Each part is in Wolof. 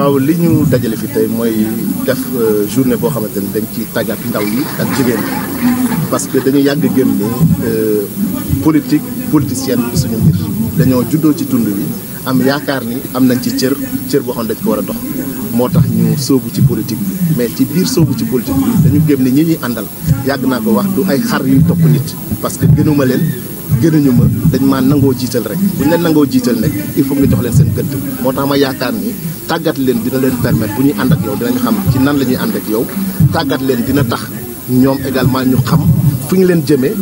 waaw li ñu dajale fi tey mooy def euh, journée boo xamante ni dañ ci tàggat ndaw yi ak jigéen ñi parce que dañu yàgg gëm ni euh, politique politicienne bi suñu mbir dañoo juddoo ci tund bi am yaakaar ni am nañ ci cër cër boo xam ne dañ ko war a dox moo tax ñu sóobu ci politique bi mais ci biir sóobu ci politique bi dañu gëm ni ñi ñuy àndal yàgg naa ko waxtu du ay xar yuy topp nit parce que gënuma leen gënuñu ma dañ maa nangoo jiital rek bu ñu leen nangoo jiital nag il faut nga jox leen seen gëdd moo tax ma yaakaar ni tàggat leen dina leen permettre bu ñuy ànd ak yow dinañ xam ci nan la ñuy ànd ak yow tàggat leen dina tax ñoom également ñu xam fu ñu leen jëmee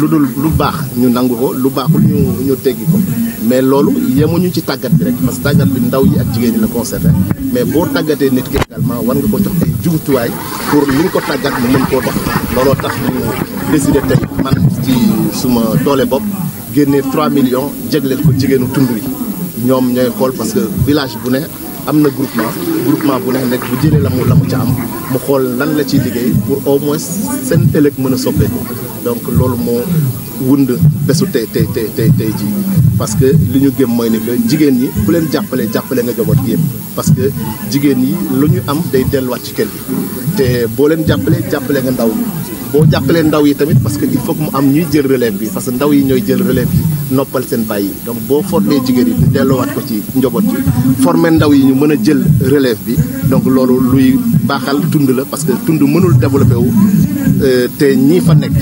lu dul lu baax ñu nangu ko lu baaxul ñu ñu teggi ko mais loolu yemuñu ci tàggat bi rek parce que tàggat bi ndaw yi ak jigéen ñi la concerné mais boo tàggatee nit ki également war nga ko jox ay jumtuwaay pour li nga ko tàggat mu mën koo dox looloo tax ñu décidé tey man ci suma doole bopp génnee 3 millions jégleel ko jigéenu tund wi ñoom ñooy xool parce que village bu ne am na groupement groupement bu ne nekk bu jëlee la mu la mu ca am mu xool lan la ciy liggéey pour au moins seen ëllëg mën a soppeeku donc loolu moo wund bésu tey tey tey tey tey jii parce que li ñu gëm mooy ni que jigéen ñi bu leen jàppalee jàppale nga jaboot gi yëpp parce que jigéen ñi lu ñu am day delluwaat ci kër gi te boo leen jàppale jàppale nga ndaw boo jàppalee ndaw yi tamit parce que il faut que mu am ñuy jël relève bi parce que ndaw yi ñooy jël relève yi noppal seen bàyyi donc boo forlee jigéen yi ñu delloowaat ko ci njaboot ndaw yi ñu mën a jël relève bi donc loolu luy baaxal tund la parce que tund mënul développé wu euh, te ñii fa nekk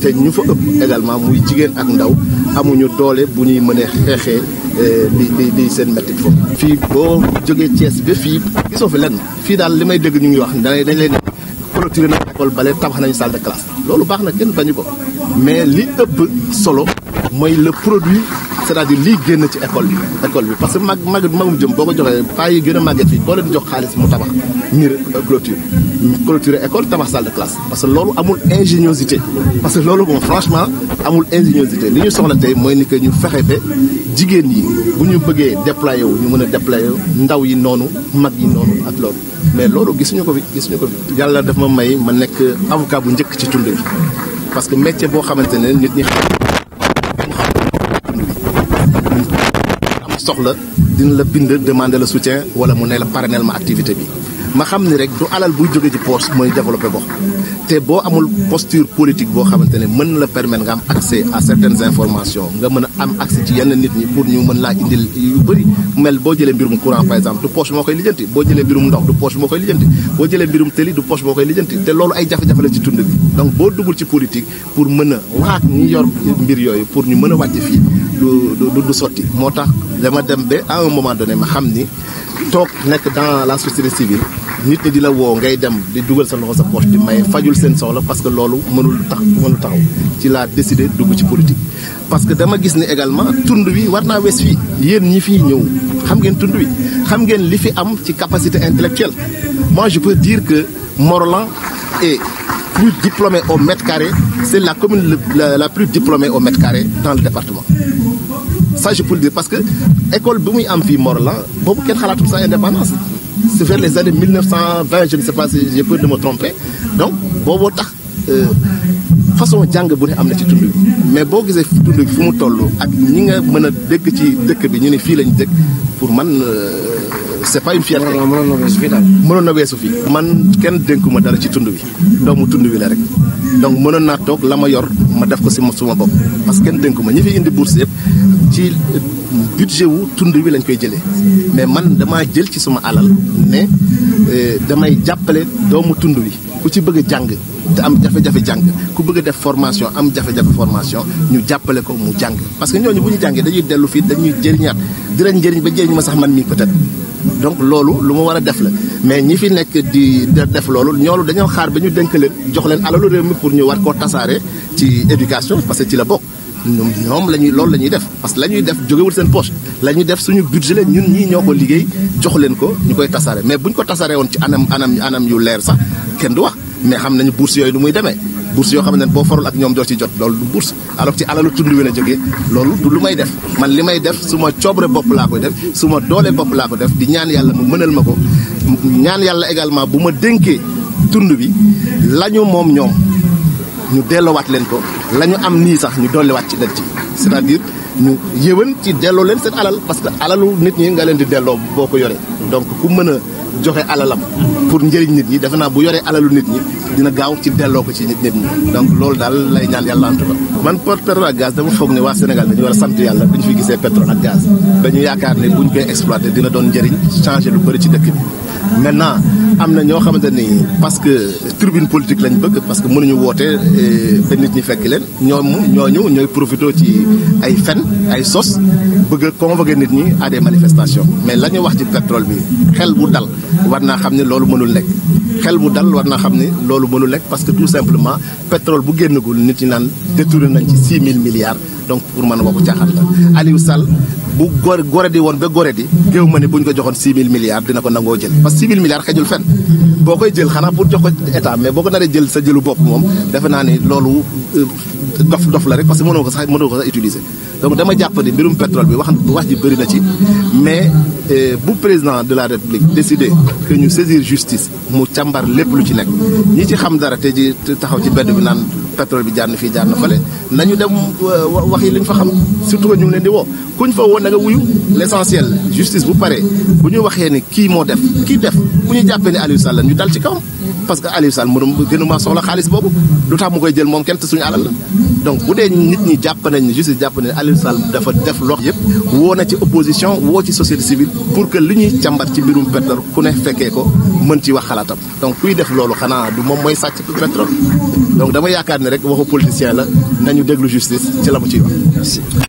te ñu fa ëpp également muy jigéen ak ndaw amuñu doole bu ñuy mënee xeexee di di di seen méttit foofu. fii boo jógee cees bi fii gisoo fi lenn fii daal li may dégg ñu ngi wax dañ dañ leen clôturer nañ école bale tabax nañu salle de classe loolu baax na kenn bañu ko mais li ëpp solo mooy le produit c'est-à-dire lii génn ci école bi école bi parce que mag mag magum jëm boo ko joxee paa yi gën a màgget yi boo leen jox xaalis mu tabax miir euh, clôture clôture école tabax salle de classe parce que loolu amul ingéniosité parce que loolu moom franchement amul ingéniosité li ñu soxla tey mooy ni que ñu fexe ba jigéen yi bu ñu bëggee déployé wu ñu mën a déployé ndaw yi noonu mag yi noonu ak loolu mais loolu gisuñu ko fi gisuñu ko fi yàlla daf ma may ma nekk avocat bu njëkk ci tund bi parce que boo xamante ne nit ñi soxla dina la bind demande la soutien wala mu ne la parrainel ma activité bi ma xam ni rek du alal buy jóge ci poche mooy développé bo te boo amul posture politique boo xamante ne mën na la permettre nga am accès à certaines informations nga mën a am accès ci yenn nit ñi pour ñu mën laa indil yu bëri mel boo jëlee mbirum courant par exemple du poche moo koy lijjanti boo jëlee mbirum ndox du poche moo koy lijjanti boo jëlee mbirum tëli du poche moo koy lijjanti te loolu ay jafe-jafe la ci tund bi donc boo duggul ci politique pour mën a wax ak ñi yor mbir yooyu pour ñu mën a wàcc fii du du sotti moo tax dama dem ba à un moment donné ma xam ni toog nekk dans la société civile nit ñi di la woo ngay dem di dugal sa loxo sa poche di maye fajul seen soxla parce que loolu mënul tax mënul taxaw ci la décidé dugg ci politique. parce que dama gis ne également tund wi war naa wes fi yéen ñi fii ñëw xam ngeen tund wi xam ngeen li fi am ci capacité intellectuelle moi je peux dire que Morolan est plus diplômé au mètre carré c'est la commune la, la plus diplômée au mètre carré dans le département. ça je peux parce que école bi muy am fii Morolan boobu kenn xalaatul sa indépendance. c'est vers les années 1920 je ne sais pas si j'ai peur de me tromper donc booboo tax euh, façon jàng bu ne am na ci tund bi mais boo gisee tund bi fu mu toll ak ñi nga mën a dëkk ci dëkk bi ñu ne fii lañ dëkk pour man euh, c'est pas une fierté mënoon na weesu fii man kenn dénkuma dara ci tund bi mu tund bi la rek donc mënoon naa toog la ma yor ma def ko si ma suma bopp parce que kenn dénkuma ñi fi indi bourse yëpp ci budget wu tund wi lañ koy jëlee mais man damaa jël ci sama alal ne euh, damay jàppale doomu tund wi ku ci bëgg jàng te am jafe-jafe jàng ku bëgg a def formation am jafe-jafe formation ñu jàppale ko mu jàng parce que ñooñu bu ñu jàngee dañuy dellu fii dañuy jëriñaat dinañ njëriñ ba jëriñ ma sax man mii peut-être donc loolu lu ma war a def la mais ñi fi nekk di def loolu ñoolu dañoo xaar ba ñu denk leen jox leen alalu réew mi pour ñu war koo tasaare ci éducation parce que ci la bokk ñoom ñoom la ñuy loolu lañuy def parce que la ñuy def jógewul seen poche la ñuy def suñu budget leen ñun ñii ñoo ko liggéey jox leen ko ñu koy tasaare mais bu ñu ko tasaree woon ci anam anam anam yu leer sax kenn du wax mais xam nañu bourse yooyu nu muy demee bourse yoo xam ne boo farul ak ñoom doo ci jot loolu du bourse alors ci alalu tund wi la jógee loolu du lu may def man li may def su ma coobare bopp laa koy def su ma doolee bopp laa ko def di ñaan yàlla mu mënal ma ko ñaan yàlla également bu ma dénkee tund bi lañu moom ñoom ñu delloowaat leen ko la ñu am nii sax ñu dolliwaat ci leen ci c'est-à-dire ñu yëwan ci delloo leen seen alal parce que alalu nit ñi nga leen di delloo boo ko yoree donc ku mën a joxe alalam pour njëriñ nit ñi defe naa bu yoree alalu nit ñi dina gaaw ci delloo ko ci nit ñi donc loolu daal lay ñaan yàlla en tout cas man pour pétrole ak gaz dama foog ne waa Sénégal dañu war a sant yàlla bi ñu fi gisee pétrole ak gaz dañu yaakaar ne buñ koy dina doon njëriñ changé lu bëri ci dëkk bi maintenant am na ñoo xamante ni parce que tribune politique lañ bëgg parce que mënuñu woote ba nit ñi fekk leen ñoom ñooñu ñooy profité ci ay fen ay sos bëgg a convoquer nit ñi à manifestation mais la ñu wax ci pétrole bi xel bu dal war naa xam ne loolu mënul nekk. xel bu dal war na xam ne loolu mënu lekk parce que tout simplement pétrole bu génnagul nit ñi naan détourné nañ ci 6 000 milliards donc pour man waxu caaxaan la Aliou Sall bu gore gore di woon ba gore di géew ma ne bu ko joxoon 6 000 milliards dina ko nangoo jël parce que 6 000 milliards xejul fenn boo koy jël xanaa pour jox ko état mais boo ko naree jël sa jëlu bopp moom defe naa ni loolu euh, dof dof la rek parce que mënoo ko sax mënoo donc dama jàpp ni mbirum pétrole bi wax wax ji bëri na ci mais euh, bu président de la république décidé que ñu saisir justice mu càmbar lépp lu ci nekk ñi ci xam dara te ji taxaw ci bedd bi naan. pétrole bi jaar na fii jaar na fale nañu dem euh, wax yi li ñu fa xam surtout que ñu leen di woo kuñ fa woo na nga wuyu l' essentiel justice bu paree bu ñu waxee ni kii moo def kii def ku ñu jàppee ne Aliou Sall la ñu dal ci kawam. parce que Aliou Sall mënum gënuma soxla xaalis boobu lu tax mu koy jël moom kenn te suñu alal la donc bu dee nit ñi jàpp nañ ne justice jàpp nañ ne Aliou Sall dafa def lox yëpp woo na ci opposition woo ci société civile pour que li ñuy càmbar ci mbirum pétrole ku ne fekkee ko mën ci wax xalaatam donc kuy def loolu xanaa du moom mooy sàcc ne rek waxu politicien la nañu déglu justice ci la mu ciy wax. merci.